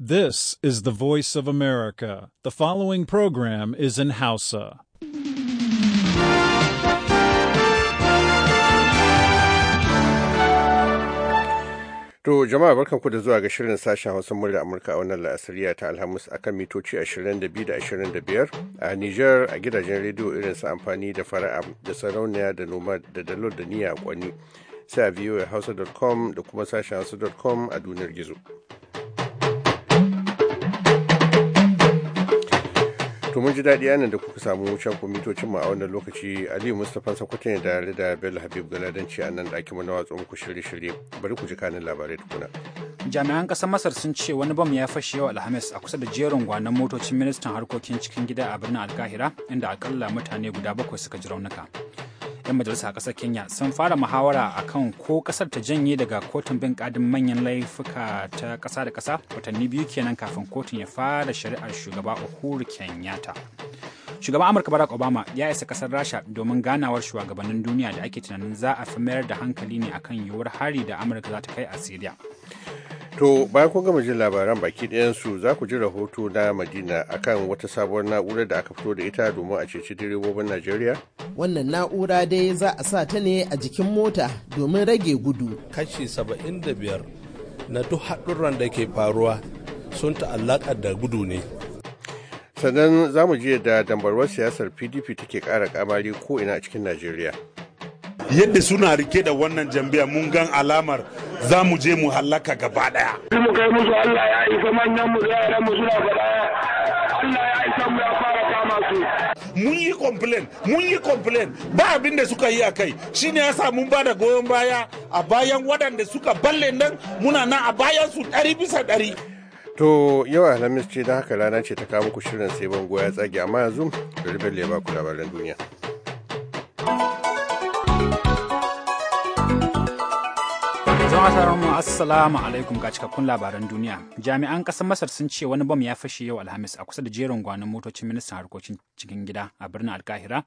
This is the voice of America. The following program is in Hausa. To jama'a barkanku da zuwa ga shirin sashen Hausa murya Amurka a wannan la'asariya ta Alhamis akan mitoci 22 da 25 a Nijar a gidajen rediyo irin su amfani da fara'a da sarauniya da noma da dalo da niyya kwani sai a voahausa.com da kuma sashen hausa.com a duniyar gizo. to mun ji daɗi anan da kuka samu wucin kwamitocin mu a wannan lokaci aliyu mustapha sakwato ne dare da bello habib galadanci a nan ɗakin mu na watsa muku shirye-shirye bari ku ji kanin labarai tukuna jami'an ƙasar masar sun ce wani bam ya fashe yau alhamis a kusa da jerin gwanon motocin ministan harkokin cikin gida a birnin alkahira inda akalla mutane guda bakwai suka ji raunuka 'yan majalisa a ƙasar kenya sun fara muhawara akan ko ƙasar ta janye daga kotun bin ƙadin manyan laifuka ta ƙasa da ƙasa watanni biyu kenan kafin kotun ya fara shari'ar shugaba uhuru kenyatta shugaban amurka barack obama ya isa ƙasar rasha domin ganawar shugabannin duniya da ake tunanin za a fi mayar da hankali ne akan yiwuwar hari da amurka za ta kai a syria To bayan kun gama jin labaran baki ɗayansu za ku ji rahoto na Madina akan wata sabuwar na'urar da aka fito da ita domin a ceci direbobin Najeriya? Wannan na'ura dai za a sa ta ne a jikin mota domin rage gudu. Kashi saba'in da biyar na duk haɗurran da ke faruwa sun ta'allaka da gudu ne. Sannan za mu je da dambarwar siyasar PDP take ƙara kamari ko ina a cikin Najeriya. yadda suna rike da wannan jam'iya mun gan alamar za mu je mu hallaka gaba daya. mu kai musu Allah ya isa manyan mu yaran mu suna faɗa Allah ya isa mu ya fara kama su. Mun yi complain, mun yi complain ba abin da suka yi a kai shi shine yasa mun ba da goyon baya a bayan waɗanda suka balle nan muna nan a bayan su ɗari bisa ɗari. To yau Alhamis ce da haka rana ce ta kawo muku shirin sai bango ya tsage amma yanzu da ribin leba ku labaran duniya. mu assalamu alaikum ga cikakkun labaran duniya. Jami'an ƙasar Masar sun ce wani bom ya fashe yau Alhamis a kusa da jerin gwanin motocin ministan harkokin cikin gida a birnin Alkahira,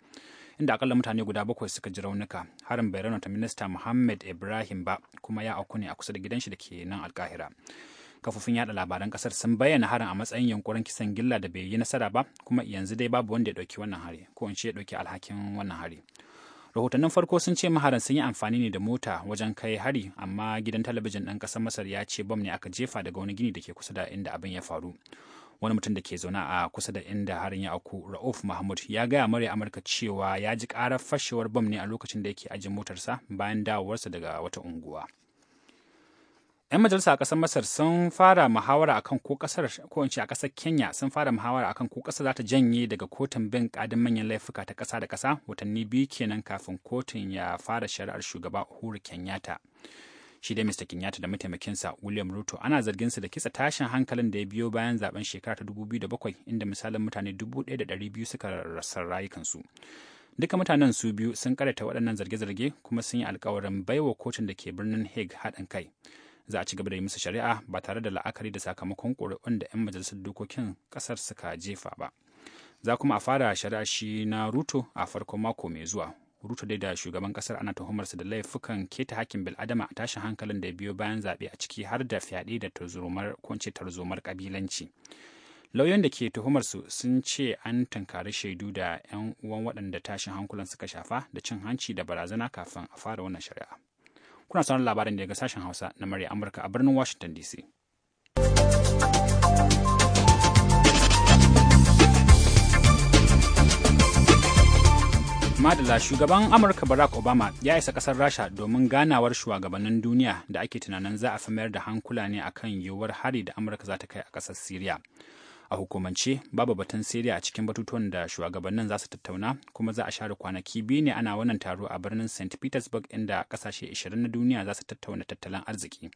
inda akalla mutane guda bakwai suka ji raunuka. Harin bai raunata minista Muhammad Ibrahim ba kuma ya auku ne a kusa da gidan shi da ke nan Alkahira. Kafofin yaɗa labaran ƙasar sun bayyana harin a matsayin yunkurin kisan gilla da bai yi nasara ba, kuma yanzu dai babu wanda ya ɗauki wannan hari, ko in ce ya ɗauki alhakin wannan hari. rahotannin farko sun ce maharan sun yi amfani ne da mota wajen kai hari amma gidan talabijin ɗan ƙasar masar ya ce bam ne aka jefa daga wani gini da ke kusa da inda abin ya faru wani mutum da ke zaune a kusa da inda harin ya auku rauf mahmud ya gaya murya amurka cewa ya ji karar fashewar bam ne a lokacin da yake ajin motarsa bayan dawowarsa daga wata unguwa 'yan majalisa a ƙasar masar sun fara muhawara akan ko ƙasar ko in ce a ƙasar kenya sun fara muhawara akan ko ƙasar za ta janye daga kotun bin ƙadin manyan laifuka ta ƙasa da ƙasa watanni biyu kenan kafin kotun ya fara shari'ar shugaba uhuru kenyatta shi dai mr kenyatta da mataimakinsa william ruto ana zargin su da kisa tashin hankalin da ya biyo bayan zaben shekara ta 2007 inda misalin mutane 1,200 suka rasa rayukansu duka mutanen su biyu sun karata waɗannan zarge-zarge kuma sun yi alkawarin baiwa kotun da ke birnin hague haɗin kai za a ci gaba da yi musu shari'a ba tare da la'akari da sakamakon ƙuri'un da 'yan majalisar dokokin ƙasar suka jefa ba za kuma a fara shari'a shi na ruto a farkon mako mai zuwa ruto dai da shugaban ƙasar ana tuhumarsa da laifukan keta hakkin bil'adama a tashin hankalin da biyo bayan zaɓe a ciki har da fyaɗe da tarzomar kwance tarzomar kabilanci lauyan da ke tuhumar su sun ce an tankari shaidu da 'yan uwan waɗanda tashin hankulan suka shafa da cin hanci da barazana kafin a fara wannan shari'a kuna sauran labarin daga sashen Hausa na murya Amurka a birnin Washington DC. Madala shugaban Amurka Barack Obama ya isa kasar Rasha domin ganawar shugabannin duniya da ake tunanin za a fi mayar da hankula ne akan yiwuwar hari da Amurka za ta kai a kasar Siriya. a hukumance babu batun siriya a cikin batutuwan da shugabannin za su tattauna kuma za a share kwanaki biyu ne ana wannan taro a birnin st petersburg inda kasashe 20 na duniya za su tattauna tattalin arziki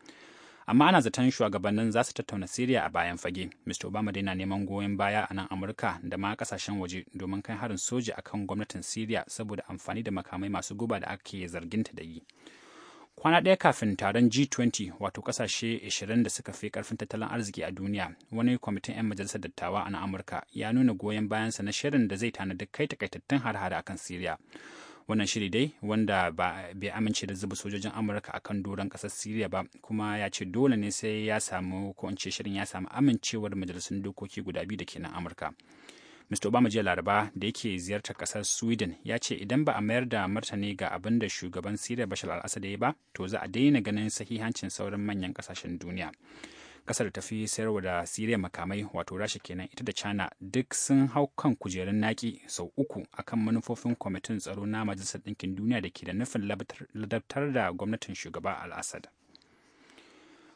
amma ana zaton shugabannin za su tattauna siriya a bayan fage mr obama dai na neman goyon baya a nan amurka da ma kasashen waje domin kai harin soja akan gwamnatin siriya saboda amfani da makamai masu guba da ake zarginta da yi kwana ɗaya kafin taron g20 wato ƙasashe 20 da suka fi ƙarfin tattalin arziki a duniya wani kwamitin 'yan majalisar dattawa a na amurka ya nuna goyon bayansa na shirin da zai tanadi kai takaitattun har-hare akan siriya wannan shiri dai wanda ba bai amince da zuba sojojin amurka a kan doron kasar siriya ba kuma ya ce dole ne sai ya samu ko in ce shirin ya samu amincewar majalisun dokoki guda biyu da ke nan amurka Mr. Obama jiya Laraba da yake ziyartar kasar Sweden ya ce idan ba a mayar da martani ga abin da shugaban Siriya Bashar al-Assad ya ba, to za a daina ganin sahihancin sauran manyan kasashen duniya. Kasar ta fi wa da Siriya makamai wato Rasha kenan ita da China duk sun hau kan kujerun naki sau uku akan manufofin kwamitin tsaro na Majalisar Ɗinkin Duniya da ke da nufin ladabtar da gwamnatin shugaba al-Assad.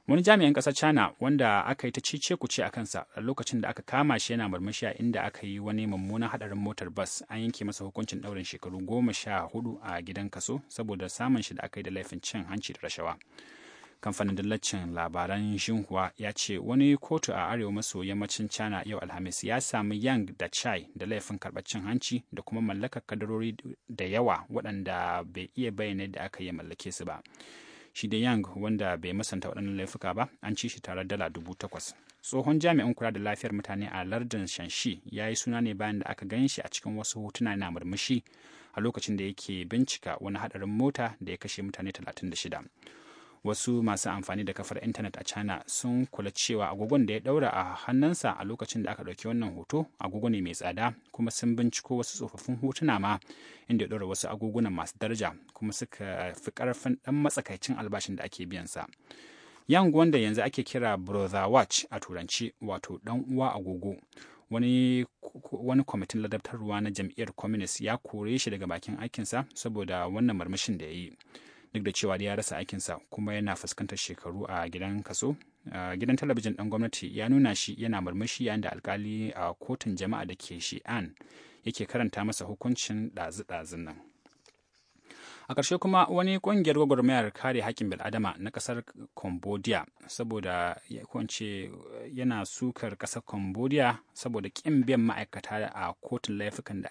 wani jami'an ƙasar china wanda aka yi ta cice ku ce a kansa a lokacin da aka kama shi yana murmushi a inda aka yi wani mummunan hadarin motar bas an yanke masa hukuncin ɗaurin shekaru goma sha hudu a gidan kaso saboda samun shi da aka yi da laifin cin hanci da rashawa kamfanin dillacin labaran Xinhua ya ce wani kotu a arewa maso yammacin China yau Alhamis ya sami Yang da Chai da laifin karɓar cin hanci da kuma mallakar kadarori da yawa waɗanda bai iya bayyana da aka yi mallake su ba. shi da yang wanda bai masanta waɗannan laifuka ba an ci shi tare dala dubu takwas tsohon jami'in kula da lafiyar mutane a lardin shanshi ya yi suna ne bayan da aka gan shi a cikin wasu hotuna na murmushi a lokacin da yake bincika wani haɗarin mota da ya kashe mutane 36 wasu masu amfani da kafar intanet a china sun kula cewa agogon da ya daura a hannunsa a lokacin da aka ɗauki wannan hoto agogo ne mai tsada kuma sun binciko wasu tsofaffin hotuna ma inda ya daura wasu agogunan masu daraja kuma suka fi karfin ɗan matsakaicin albashin da ake biyansa yang wanda yanzu ake kira brother watch a turanci wato dan uwa agogo wani kwamitin ladabtarwa na jam'iyyar communist ya kore shi daga bakin aikinsa saboda wannan marmashin da ya yi duk da cewa ya rasa aikinsa kuma yana fuskantar shekaru a gidan kaso gidan talabijin ɗan gwamnati ya nuna shi yana murmushi yayin da alkali a kotun jama'a da ke shi'an yake karanta masa hukuncin ɗazu-ɗazun nan a ƙarshe kuma wani ƙungiyar gwagwarmayar kare haƙƙin bil'adama na ƙasar cambodia saboda kwance yana sukar ƙasar cambodia saboda ƙin biyan ma'aikata a kotun laifukan da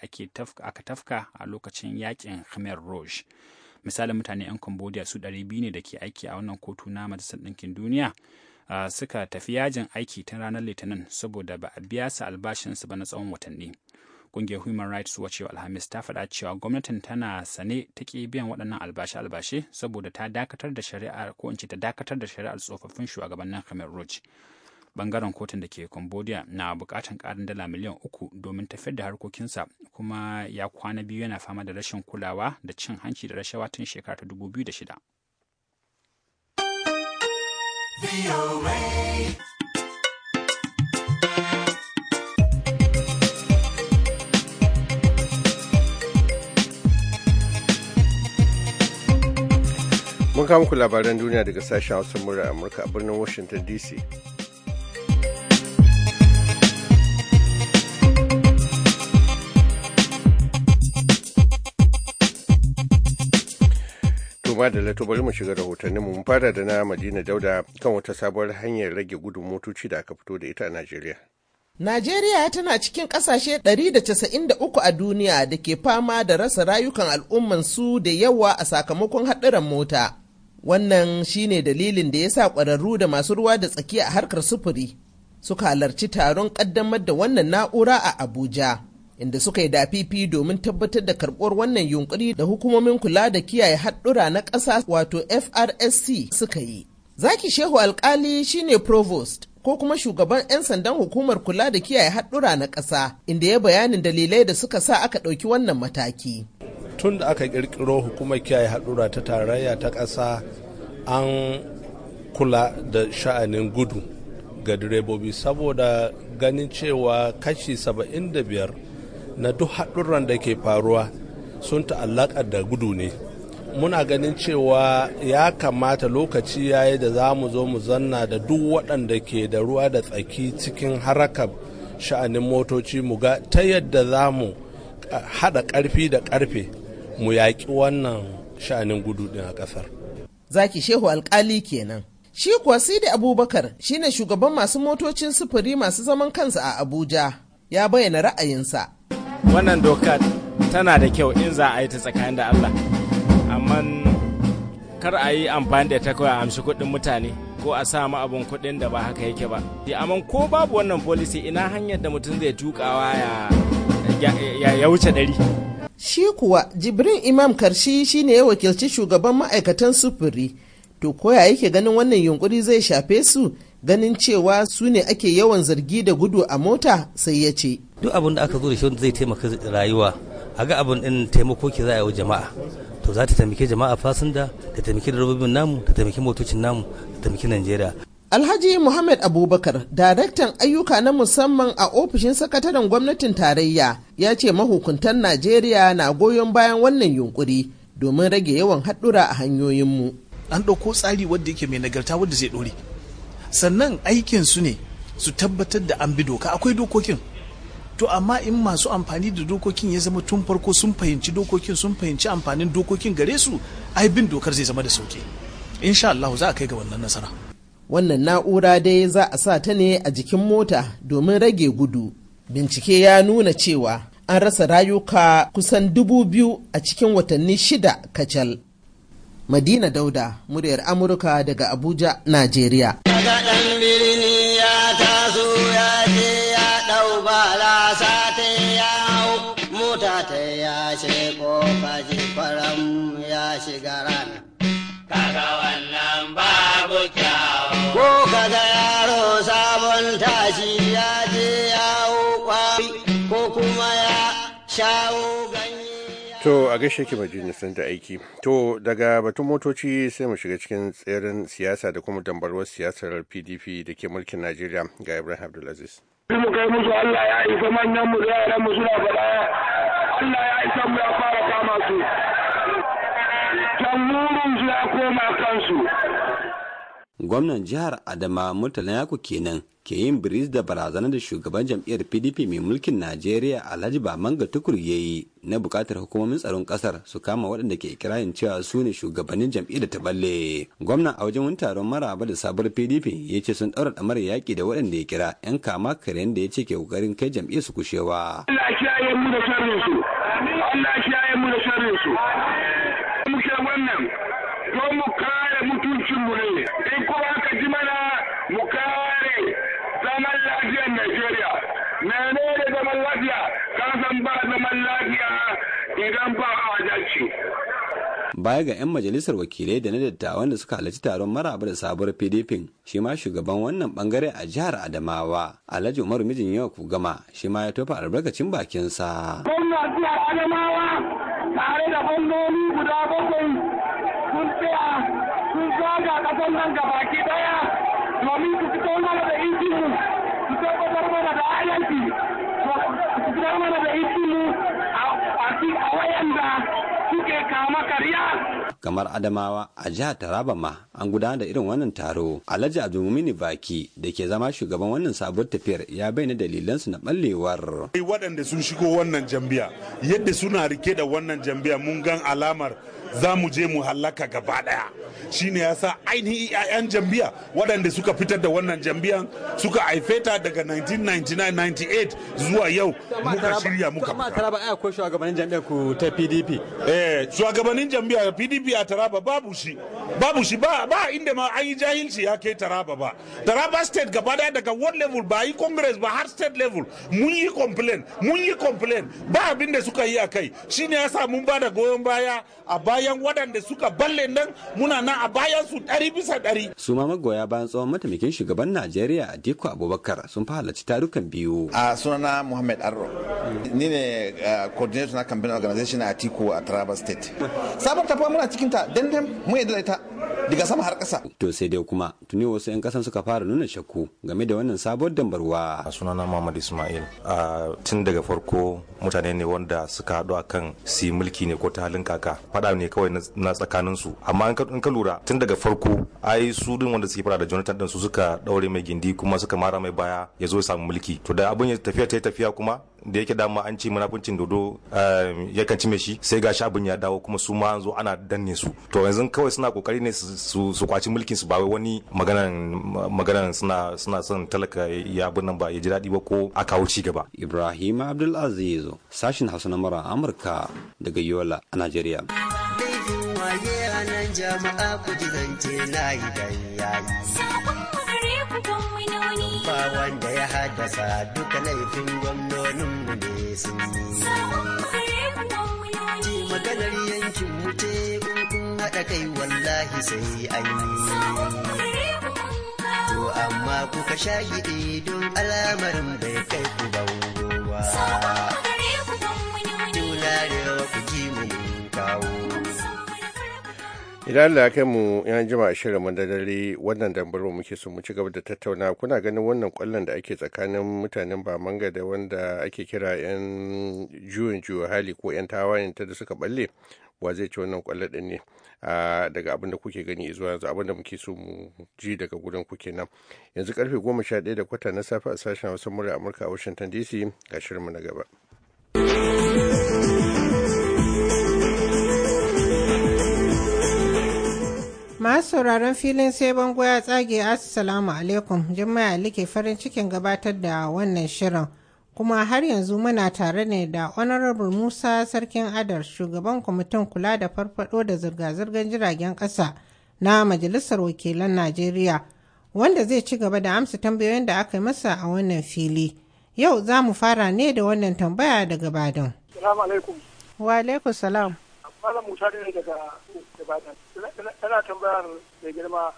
aka tafka a lokacin yaƙin khmer rouge misalin mutane 'yan cambodia su 200 ne da ke aiki a wannan kotu na majalisar ɗinkin duniya suka tafi yajin aiki tun ranar litinin saboda ba a biya su albashinsu ba na tsawon watanni ƙungiyar human rights watch yau alhamis ta faɗa cewa gwamnatin tana sane ta ke biyan waɗannan albashe-albashe saboda ta dakatar da shari'ar ko in ce ta dakatar da shari'ar tsofaffin shugabannin khmer rouge bangaren kotun da ke cambodia na bukatan karin dala miliyan uku domin tafiyar da harkokinsa kuma ya kwana biyu yana fama da rashin kulawa da cin hanci da rashawa tun shekara ta 2006 Mun kawo ku labaran duniya daga sashen Hausa murar Amurka a birnin Washington DC. da lato bari mu shiga rahotanni mu fara da na madina dauda kan wata sabuwar hanyar rage gudun motoci da aka fito da ita a najeriya Najeriya tana cikin ƙasashe 193 a duniya da ke fama da rasa rayukan al'ummansu da yawa a sakamakon haɗuran mota. Wannan shine dalilin da ya sa ƙwararru da masu ruwa da tsaki a harkar sufuri suka halarci taron ƙaddamar da wannan na'ura a Abuja. inda suka yi dafifi domin tabbatar da karbuwar wannan yunkuri da hukumomin kula da kiyaye haɗura na ƙasa wato FRSC suka yi. Zaki Shehu Alkali shine provost ko kuma shugaban 'yan sandan hukumar kula da kiyaye haɗura na ƙasa inda ya bayanin dalilai da suka sa aka ɗauki wannan mataki. Tun da aka ƙirƙiro hukumar kiyaye haɗura ta tarayya ta ƙasa an kula da sha'anin gudu ga direbobi saboda ganin cewa kashi 75 na duk haɗurran da ke faruwa sun ta'allaka da gudu ne muna ganin cewa ya kamata lokaci yayi da za mu zo mu zanna da duk waɗanda ke da ruwa da tsaki cikin harakar sha'anin motoci mu ga ta yadda za mu haɗa ƙarfi da ƙarfe mu yaƙi wannan sha'anin gudu ɗin a ƙasar. Zaki Shehu alƙali kenan. Shi kuwa Sidi Abubakar shine shugaban masu motocin sufuri masu zaman kansa a Abuja ya bayyana ra'ayinsa. wannan dokar tana da kyau in za a yi ta tsakanin da Allah amma kar a yi amfani da ta kawai a amshi kuɗin mutane ko a sa abun kuɗin da ba haka yake ba amma ko babu wannan policy ina hanyar da mutum zai tukawa ya ya wuce ɗari shi kuwa jibrin imam karshi shine ya wakilci shugaban ma'aikatan sufuri to koya yake ganin wannan yunkuri zai shafe su ganin cewa su ne ake yawan zargi da gudu a mota sai ya ce duk abin da aka zo da shi wanda zai taimaka rayuwa a ga abin din taimako ke za a yi jama'a to za ta taimaki jama'a fasinda ta taimaki robobin namu ta taimaki motocin namu ta taimaki najeriya Alhaji Muhammad Abubakar, daraktan ayyuka na musamman a ofishin sakataren gwamnatin tarayya, ya ce mahukuntan Najeriya na goyon bayan wannan yunkuri domin rage yawan haɗura a hanyoyinmu. An ɗauko tsari wanda yake mai nagarta wanda zai ɗore. sannan aikin su ne su tabbatar da an bi doka akwai dokokin to amma in masu amfani da dokokin ya zama tun farko sun fahimci dokokin sun fahimci amfanin dokokin gare su ai bin dokar zai zama da sauki insha Allah za a kai ga wannan nasara wannan na'ura dai za a sa ta ne a jikin mota domin rage gudu bincike ya nuna cewa an rasa rayuka kusan dubu biyu a cikin watanni shida kacal madina dauda muryar amurka daga abuja najeriya ga ɗan birni ya taso ya je ya ɗau barasa ta ya hau mota ta ya ce kofa ji faram ya shiga rana Kaga wannan babu kyawu. Ko kaga yaro sabon tashi ya To a gaishe ki jini san da aiki. To daga batun motoci sai mu shiga cikin tseren siyasa da kuma dambarwar siyasar PDP da ke mulkin Najeriya ga Ibrahim Abdulaziz. Mu kai musu Allah ya isa manyan mu da yaran mu suna faɗa Allah ya isa mu ya fara kama su. Tamburin su ya koma kansu. gwamnan jihar adama murtala yako kenan ke yin biris da barazanar da shugaban jam'iyyar pdp mai mulkin najeriya alhaji manga tukur ya yi na bukatar hukumomin tsaron kasar su kama waɗanda ke kirayin cewa su ne shugabannin jam'iyyar da ta balle Gwamnan a wajen wani taron maraba da sabuwar pdp ya ce sun ɗaura ɗamar yaƙi da waɗanda ya kira 'yan kama karen da ya ce ke ƙoƙarin kai jam'iyyar su kushewa. Allah kiyaye mu da sharrin su. Allah kiyaye mu da sharrin su. Muke wannan baya ga 'yan majalisar wakilai da na dattawan da suka halarci taron maraba da sabuwar pdp shi ma shugaban wannan bangare a jihar adamawa alhaji umaru mijin yau ku gama shi ma ya tofa albarkacin bakinsa gwamna jihar adamawa tare da gwamnoni guda bakwai sun tsaya sun zaga kasan nan gabaki daya domin su fito mana da Kamar Adamawa a jihar Taraba ma an gudanar da irin wannan taro. Alhaji Abdulmumini Baki da ke zama shugaban wannan sabuwar tafiyar ya bayyana dalilansu na ballewar. Waɗanda sun shigo wannan jambiya yadda suna rike da wannan jambiya mun gan alamar za mu je mu hallaka gaba ɗaya. shine ya sa ainihin 'ya'yan jambiya waɗanda suka fitar da wannan jambiyan suka haife daga 1999-98 zuwa yau muka shirya muka fita. Taraba ai akwai shugabannin jam'iyyar ku ta PDP. Eh shugabannin jam'iyyar PDP a Taraba babu shi. Babu shi ba ba inda ma an yi jahilci ya kai Taraba ba. Taraba state gaba daya daga world level ba yi congress ba har state level mun yi complain mun yi complain ba abin da suka yi a kai shine sa mun ba da goyon baya a bayan waɗanda suka balle nan muna na a bayan su ɗari bisa ɗari. su ma magoya bayan tsawon mataimakin shugaban najeriya diko abubakar sun fi tarukan biyu. a sunana muhammad arro ni ne eh, coordinator na campaign organization a atiku a taraba state sabon tafiya muna cikin ta dandam mu yi dalaita daga sama har ƙasa. to sai dai kuma tuni wasu 'yan ƙasan suka fara nuna shakku game da wannan sabon dambarwa. a sunana muhammad ismail tun daga farko mutane ne wanda suka haɗu akan si mulki ne ko ta halin kaka faɗa ne kawai na tsakaninsu amma in ka lura lura tun daga farko ai su din wanda suke fara da Jonathan din su suka daure mai gindi kuma suka mara mai baya ya zo ya samu mulki to da abun ya tafiya ta tafiya kuma da yake dama an ci munafuncin dodo eh, yakan ci shi sai gashi abin ya dawo kuma su ma an zo ana danne su to yanzu kawai suna kokari ne su kwaci mulkin su ba wai wani maganan maganan suna suna son talaka ya abin nan ba ya ji daɗi ba ko a kawo ci gaba Ibrahim Abdulaziz sashin Hausa na mara Amurka daga Yola a Najeriya waye a nan jama'a ku ji zance na idan yayi. Ba wanda ya haddasa duka laifin gwamnonin mu ne sun yi. maganar yankin mu ce kun haɗa kai wallahi sai an yi. amma kuka shahiɗi don alamarin bai kai idan Allah ya mu yan jima a shirin mu da dare wannan dambaro muke so mu ci gaba da tattauna kuna ganin wannan kwallon da ake tsakanin mutanen bamanga da wanda ake kira yan juyin juyo hali ko yan tawayen ta da suka balle wa zai ci wannan kwallo din ne daga abin da kuke gani zuwa yanzu abin da muke so mu ji daga gurin kuke kenan yanzu karfe goma sha ɗaya da kwata na safe a sashen wasan murya amurka a washington dc ga mu na gaba. Masu sauraron filin sai bango ya tsage Assalamu alaikum Jummai Ali ke farin cikin gabatar da wannan shirin. Kuma har yanzu muna tare ne da Honorable Musa Sarkin Adar shugaban kwamitin kula da farfado da zirga-zirgar jiragen ƙasa na Majalisar Wakilan Najeriya wanda zai ci gaba da amsa tambayoyin da aka yi masa a wannan fili. Yau za mu fara ne da wannan tambaya daga Badan. Wa alaikum salam. malam musa ne daga ibadan tana tambayar mai girma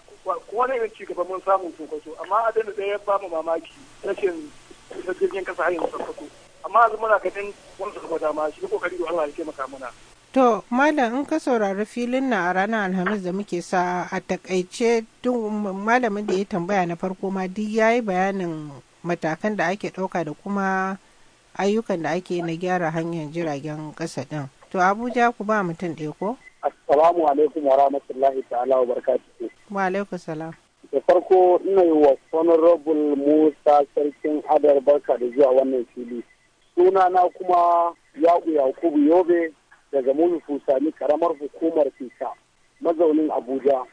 wani irin ci gaba mun samu sokoto amma da ɗaya ba mu mamaki rashin kusa jirgin kasa hanyar sokoto amma yanzu muna ganin wani sokoto dama shi kokari da Allah ya taimaka mana. To, Malam in ka saurari filin na a ranar Alhamis da muke sa a takaice malamin da ya tambaya na farko ma duk ya yi bayanin matakan da ake ɗauka da kuma ayyukan da ake na gyara hanyar jiragen ƙasa ɗin. To Abuja ku ba mutum ɗaya ko? Assalamu alaikum wa rahmatullahi ta'ala wa barakatuhu. Wa alaikum salam. Da farko ina yi wa Honorable Musa Sarkin Adar barka da zuwa wannan fili. suna na kuma yaƙu Yakubu Yobe daga Mulu Fusani karamar hukumar Fisa mazaunin Abuja.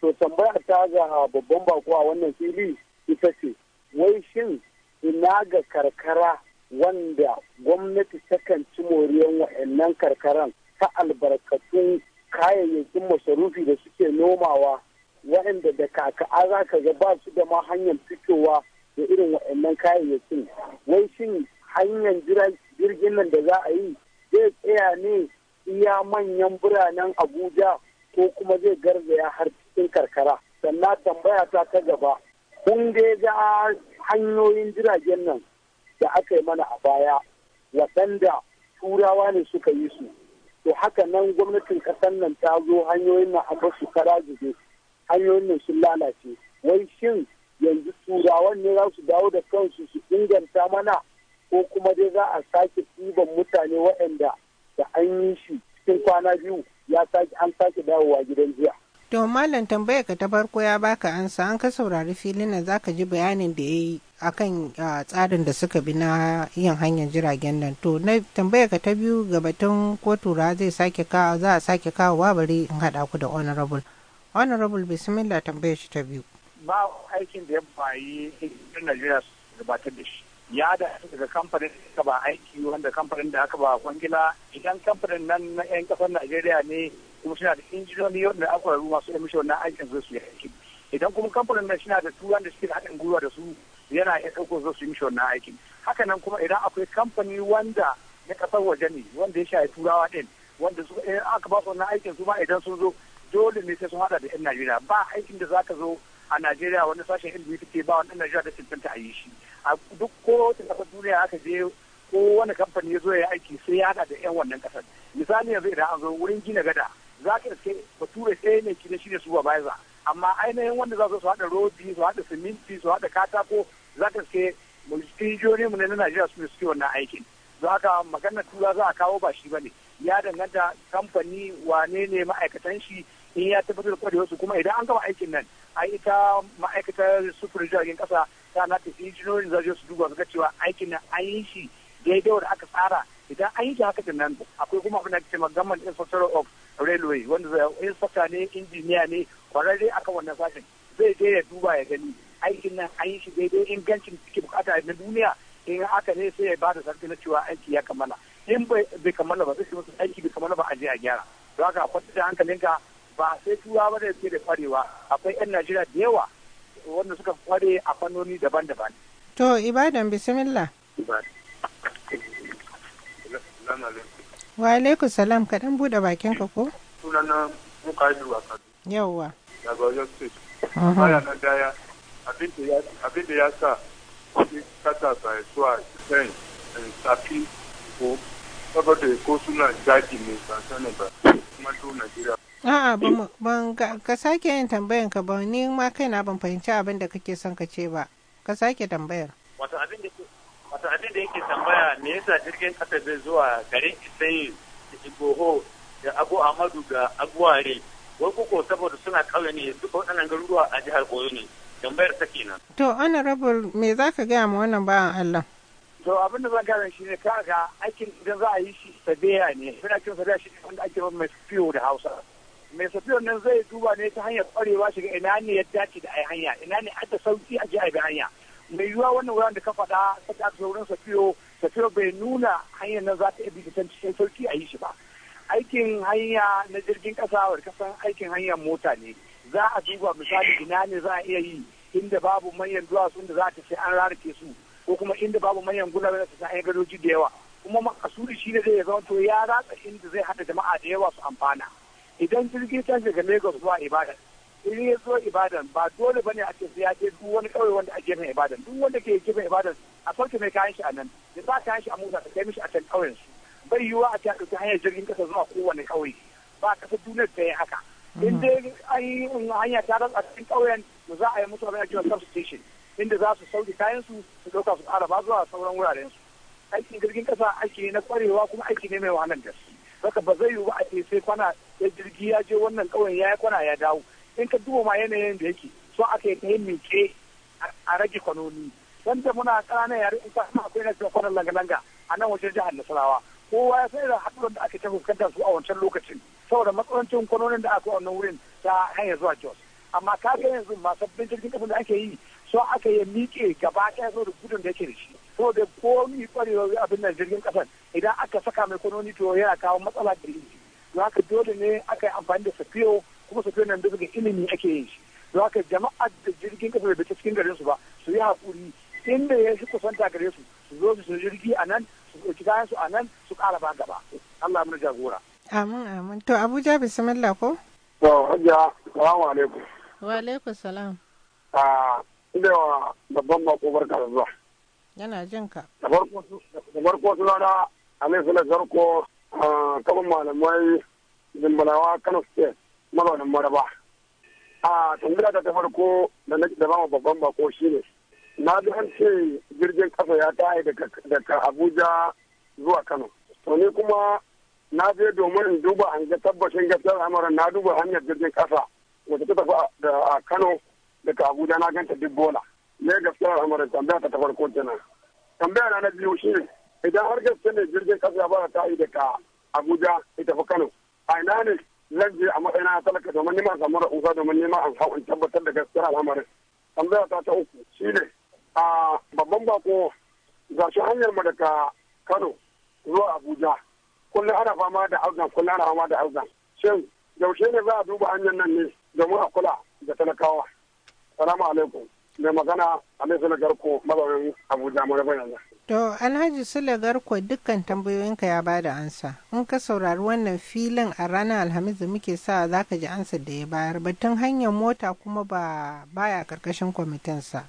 To tambaya ta ga babban bako a wannan fili ita ce, wai shin ina ga karkara wanda gwamnati takan ci moriyan wa'annan karkaran ta albarkatun kayayyakin masarufi da suke nomawa waɗanda da kaka'a za ka ga ba su da ma hanyar fitowa da irin waɗannan kayayyakin wai shin hanyar jirgin nan da za a yi zai tsaya ne iya manyan biranen abuja ko kuma zai garzaya har cikin karkara sannan tambaya ta ta gaba kun dai ga hanyoyin jiragen nan da aka yi mana a baya waɗanda turawa ne suka yi su to haka nan gwamnatin ƙasar nan ta zo hanyoyin nan amma su kara zube hanyoyin nan sun lalace wai shin yanzu turawan ne za su dawo da kansu su inganta mana ko kuma dai za a sake ɗiban mutane waɗanda da an yi shi cikin kwana biyu ya sake an sake dawowa gidan jiya. To Malam tambaya ka ta farko ya baka ansa an ka saurari filin nan zaka ji bayanin da ya yi akan tsarin da suka bi na yin hanyar jiragen nan. To na tambaya ka ta biyu ga batun ko tura zai sake kawo za a sake kawo wa bari in haɗa ku da honorable. Honorable bismillah tambaya shi ta biyu. Ba aikin da ya bayi yan Najeriya su gabatar da shi. Ya da daga kamfanin da ba aiki wanda kamfanin da aka ba kwangila idan kamfanin nan na 'yan kasar Najeriya ne kuma suna da injiniyoyi wanda aka raru masu da mishi na aikin zai su yi idan kuma kamfanin nan suna da turan da suke haɗin gwiwa da su yana iya ɗauko zai su yi na aiki haka hakanan kuma idan akwai kamfani wanda na ƙasar waje ne wanda ya shaye turawa ɗin wanda su aka ba su na aikin su ma idan sun zo dole ne sai sun haɗa da 'yan Najeriya ba aikin da za ka zo a Najeriya wani sashen ilimi take ba wani Najeriya da cancanta a yi shi a duk ko ta kasar duniya aka je ko wani kamfani ya zo ya aiki sai ya hada da yan wannan kasar misali yanzu idan an zo wurin gina gada za ka iske ba ture sai ne kine shi ne su supervisor amma ainihin wanda za su haɗa rodi su haɗa siminti su haɗa katako za ka iske injiniyoyi mu ne na Najeriya su ne suke wannan aikin Za ka maganar tura za a kawo ba shi ba ne ya danganta kamfani wane ne ma'aikatan shi in ya tabbatar da kwarewarsu kuma idan an gama aikin nan a ita ma'aikatar sufurin jiragen kasa ta na tafi injiniyoyin za su duba ga cewa aikin nan an yi shi daidai da aka tsara idan an yi shi haka nan akwai kuma abin da ake cewa inspector of railway wanda saka ne injiniya ne kwararre akan wannan sashen zai je ya duba ya gani aikin nan an yi shi daidai ingancin suke bukata na duniya in haka ne sai ya ba da sarki na cewa aiki ya kammala in bai kammala ba zai musu aiki bai kammala ba a je a gyara don haka kwata da hankalinka ba sai tura ba zai da kwarewa akwai yan najeriya da yawa wanda suka kware a fannoni daban-daban. to ibadan bismillah. wa alaikum salam kaɗan buɗe bakin ka ko sunana mukaidu a kano yawwa daga wajen state mhm. baya na daya abin da ya sa kudi kasa bai zuwa spain safi eh, ko saboda ko suna jaji ne ba sani ba kuma to najeriya A'a ban ka sake yin tambayan ka ba ni ma kai na ban fahimci abin da kake son ka ce ba ka sake tambayar. Wato abin da wato abin da yake tambaya me yasa jirgin kasa zai zuwa garin Isai da Igoho da Abu Ahmadu da Aguware wai kuko saboda suna ƙauye ne duk waɗannan garuruwa a jihar Koyo ne tambayar ta kenan. To honorable me za ka gaya ma wannan bayan Allah? To abin da zan gaya shi ne kaga aikin idan za a yi shi sabiya ne suna cin sabiya shi ne wanda ake ba mai fiyo da Hausa. Mai safiyar nan zai duba ne ta hanyar kwarewa shiga ina ne ya dace da ai hanya ina ne ta sauki a ji a bi hanya. mai yiwuwa wannan wuraren da ka faɗa ta ta wurin safiyo safiyo bai nuna hanyar nan za ta iya bikin cikin sauki a yi shi ba aikin hanya na jirgin ƙasa wa kasan aikin hanyar mota ne za a duba misali ina ne za a iya yi inda babu manyan duwatsu da za ta ce an rarrake su ko kuma inda babu manyan gulabe da ta sai an gadoji da yawa kuma makasuri shi ne zai zama to ya ratsa inda zai haɗa jama'a da yawa su amfana idan jirgin ta daga lagos zuwa ibadan in ya zo ibadan ba dole bane a ce sai ya je duk wani kawai wanda a gefen ibadan duk wanda ke gefen ibadan a sauke mai kayan shi a nan ya sa kayan shi a musa ta kai mishi a can kauyen su bai yiwuwa a ta ɗauki hanyar jirgin kasa zuwa kowane kauye ba kasa duniyar ta yi haka mm-hmm. in dai an yi hanya ta a cikin kauyen to za a yi musu wani ajiyar substation inda za su sauke kayan su su ɗauka su ƙara ba zuwa sauran wuraren su aikin jirgin kasa aiki na kwarewa kuma aiki ne mai wahalar gaske saka ba zai yiwu ba a ce sai kwana ya jirgi ya je wannan kauyen ya yi kwana ya dawo in ka duba ma yanayin da yake so aka yi ta a rage kwanoni wanda muna ƙananan yare in kuma akwai na cikin kwanan langa-langa a nan wajen jihar Nasarawa kowa ya san irin haɗuran da ake tafi fuskanta su a wancan lokacin saboda matsalancin kwanonin da aka wannan wurin ta hanyar zuwa Jos amma ka ga yanzu masu sabbin jirgin da ake yi so aka yi miƙe gaba ɗaya saboda gudun da yake da shi saboda ko mi da abin nan jirgin ƙasan idan aka saka mai kwanoni to yana kawo matsala da yi don haka dole ne aka yi amfani da safiyo kuma su nan da ilimi ake yin shi don haka jama'a da jirgin kasa da cikin garin su ba su yi haƙuri inda ya shi kusanta gare su su zo su jirgi a nan su ɗauki kayan su a nan su ƙara ba gaba Allah mun jagora. Amin amin to Abuja bismillah ko. To hajja salamu alaikum. Wa alaikum salam. a ah, inda wa babban mako barka da zuwa. Yana jin ka. Da farko suna da Alaihi Salatu Zarko ah, kaman malamai Zimbalawa Kano State. mazaunin maraba a tambaya ta farko da na da bawa babban bako shine na ji an ce jirgin kasa ya tayi daga abuja zuwa kano to ni kuma na je domin in duba an ga tabbashin gaskiyar al'amuran na duba hanyar jirgin kasa wata ta tafi a kano daga abuja na ganta duk bola ne gaskiyar al'amuran tambaya ta farko kenan tambaya na na biyu shine idan har gaske ne jirgin kasa ya fara tayi daga abuja ita fi kano a ina ne nan je a matsayin a talaka domin neman samu ra'usa domin neman an hau in tabbatar da gaskiyar al'amarin tambaya ta ta uku shi ne a babban bako ga shi hanyar mu daga kano zuwa abuja kullum ana fama da auzan kullum ana fama da auzan shin yaushe ne za a duba hanyar nan ne domin a kula da talakawa salamu alaikum mai magana a na garko mazaunin abuja mu yanzu To Alhaji Sule Garko dukkan tambayoyinka ya bada ansa. In ka saurari wannan filin a ranar Alhamis da muke sa za ka ji ansa da ya bayar batun hanyar mota kuma ba baya karkashin kwamitinsa.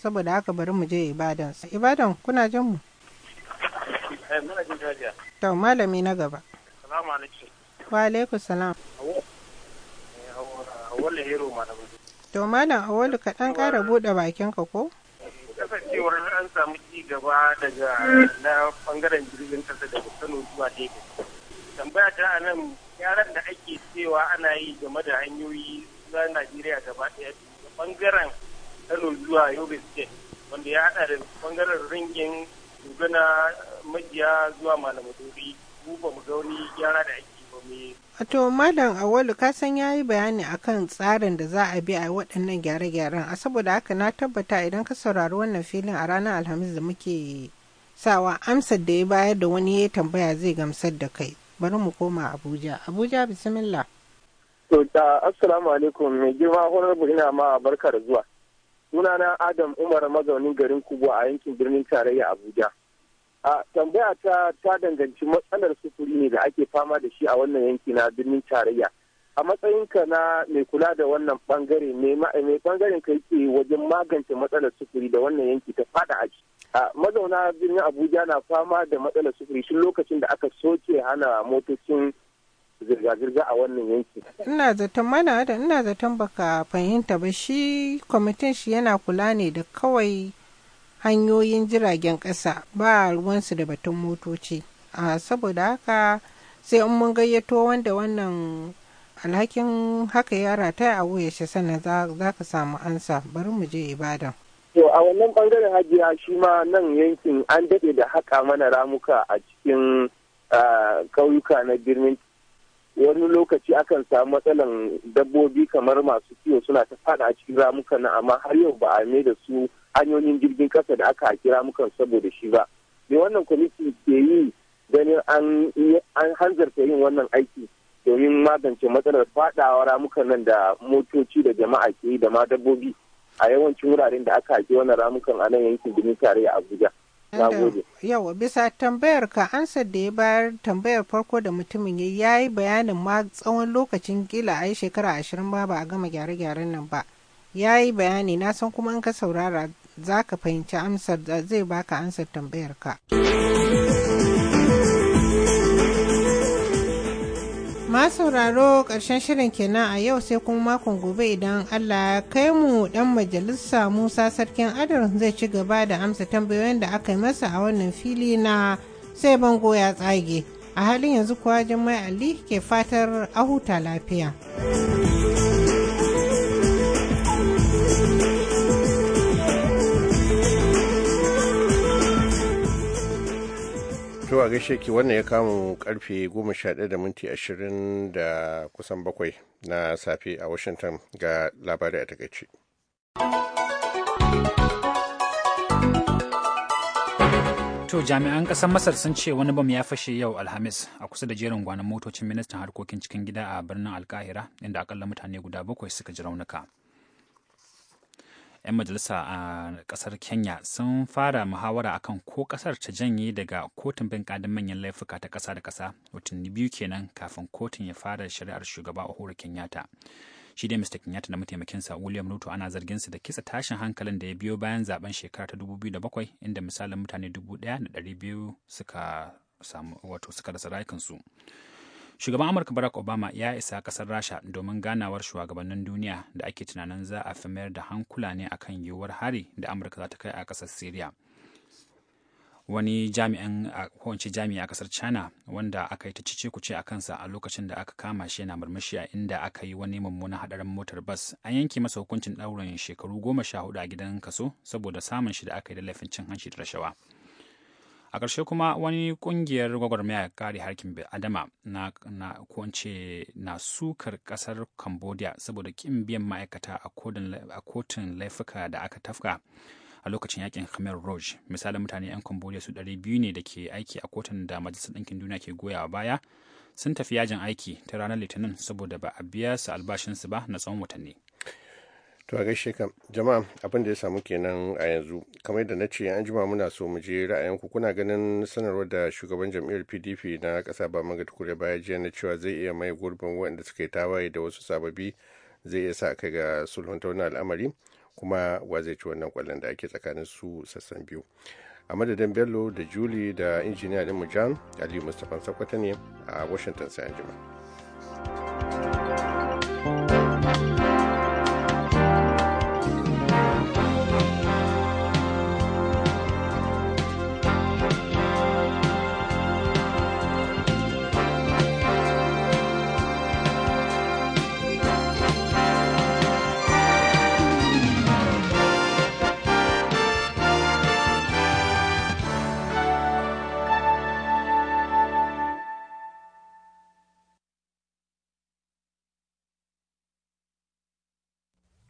Saboda haka bari mu je Ibadan. Ibadan kuna jin mu? Eh, to malami na gaba. Salamu alaikum. Wa alaikum salam. Eh, to malam Awolu ka dan kara bude bakinka ko? kasancewar an samu ci gaba daga na bangaren jirgin kasa daga Kano zuwa daidai Tambaya ta gyaran nan yaran da ake cewa ana yi game da hanyoyi na Najeriya gaba daya da bangaren Kano zuwa Yobe State wanda ya haɗa da bangaren ringin dogana majiya zuwa Malamadori buba mu gauni wani gyara da ake ba mai To Malam Awalu ka san ya yi bayani akan tsarin da za a bi a waɗannan gyare-gyaren a saboda haka na tabbata idan ka saurari wannan filin a ranar Alhamis da muke sawa amsar da ya bayar da wani ya tambaya zai gamsar da kai. Bari mu koma Abuja. Abuja bismillah. To da assalamu alaikum mai girma honar ina ma barka da zuwa. Sunana Adam Umar mazaunin garin Kubo a yankin birnin tarayya Abuja. a tambaya ta ta danganci matsalar sufuri ne da ake fama da shi a wannan yanki na birnin tarayya a matsayinka na mai kula da wannan bangare ne mai bangaren ka yake wajen magance matsalar sufuri da wannan yanki ta fada a shi mazauna birnin abuja na fama da matsalar sufuri shi lokacin da aka soke hana motocin zirga-zirga a wannan yanki. Ina zaton mana da ina zaton baka fahimta ba shi kwamitin shi yana kula ne da kawai hanyoyin jiragen ƙasa ba ruwansu da batun motoci a saboda haka sai in mun gayyato wanda wannan alhakin haka ya rataya a wuya shi sannan za ka samu ansa bari mu je ibadan to a wannan bangaren hajiya shi ma nan yankin an daɗe da haka mana ramuka a cikin ƙauyuka na birnin wani lokaci akan samu matsalan dabbobi kamar masu kiwo suna ta fada a cikin ramuka na amma har yau ba a mai da su hanyoyin jirgin kasa da aka kira mukan saboda shi ba me wannan kwamiti ke yi ganin an hanzarta yin wannan aiki domin magance matsalar faɗawa ramukan nan da motoci da jama'a ke yi da ma dabbobi a yawancin wuraren da aka ake wannan ramukan a nan yankin birnin tarayya abuja yawa bisa tambayar ka ansa da ya bayar tambayar farko da mutumin ya yi bayanin ma tsawon lokacin kila a yi shekara ashirin ba ba a gama gyare-gyaren nan ba ya yi bayani na san kuma in ka saurara za ka fahimci amsar da zai baka amsar tambayar ka. Ma sauraro ƙarshen shirin kenan a yau sai kuma makon gobe idan Allah ya kai mu dan majalisa Musa Sarkin Adar zai ci gaba da amsa tambayoyin da aka yi masa a wannan fili na sai bango ya tsage. A halin yanzu kuwa Jummai Ali ke fatar a huta lafiya. To a gaishe ki wannan ya kama karfe 11 da minti 20 da kusan bakwai na safe a Washington ga labarai a takaice. To jami'an ƙasar Masar sun ce wani bam ya fashe yau Alhamis a kusa da jerin gwanon motocin ministan harkokin cikin gida a birnin Alkahira inda akalla mutane guda bakwai suka ji raunuka. 'yan majalisa a kasar kenya sun fara muhawara akan ko kasar ta janye daga kotun bin kadin manyan laifuka ta kasa da kasa watanni biyu kenan kafin kotun ya fara shari'ar shugaba uhuru kenyatta shi dai mr kenyatta da mataimakinsa william ruto ana zargin su da kisa tashin hankalin da ya biyo bayan zaben shekara ta 2007 inda misalin mutane 1200 suka samu wato suka rasa rayukansu su Shugaban Amurka Barack Obama ya isa kasar Rasha domin ganawar shugabannin duniya da ake tunanin za a fi mayar da hankula ne akan yiwuwar hari da Amurka za ta kai a kasar syria. Wani jami'in ko jami'a a ƙasar China wanda aka yi ta cice kuce a kansa a lokacin da aka kama shi yana murmushi a inda aka yi wani mummunan haɗarin motar bas an yanke masa hukuncin ɗaurin shekaru goma sha hudu a gidan kaso saboda samun shi da aka yi da laifin cin hanci da rashawa. a ƙarshe kuma wani ƙungiyar gwagwarmaya kare harkin adama na na sukar ƙasar cambodia saboda ƙin biyan ma'aikata a kotun laifuka da aka tafka a lokacin yakin khmer rouge misalin mutane 'yan cambodia su 200 ne da ke aiki a kotun da majalisar ɗinkin duniya ke goyawa baya sun tafi yajin aiki ta ranar litinin saboda ba a biya su albashinsu ba na tsawon watanni to a gaishe ka jama'a abin da ya samu kenan a yanzu kamar da na ce an jima muna so mu je ra'ayinku kuna ganin sanarwar da shugaban jam'iyyar pdp na kasa ba maga tukure baya jiya na cewa zai iya mai gurbin waɗanda suka yi tawaye da wasu sababi zai iya sa kai ga sulhun tauna al'amari kuma wa zai ci wannan kwallon da ake tsakanin su sassan biyu a madadin bello da juli da injiniya ɗin mu jan aliyu mustapha sakwata ne a washington sai an jima.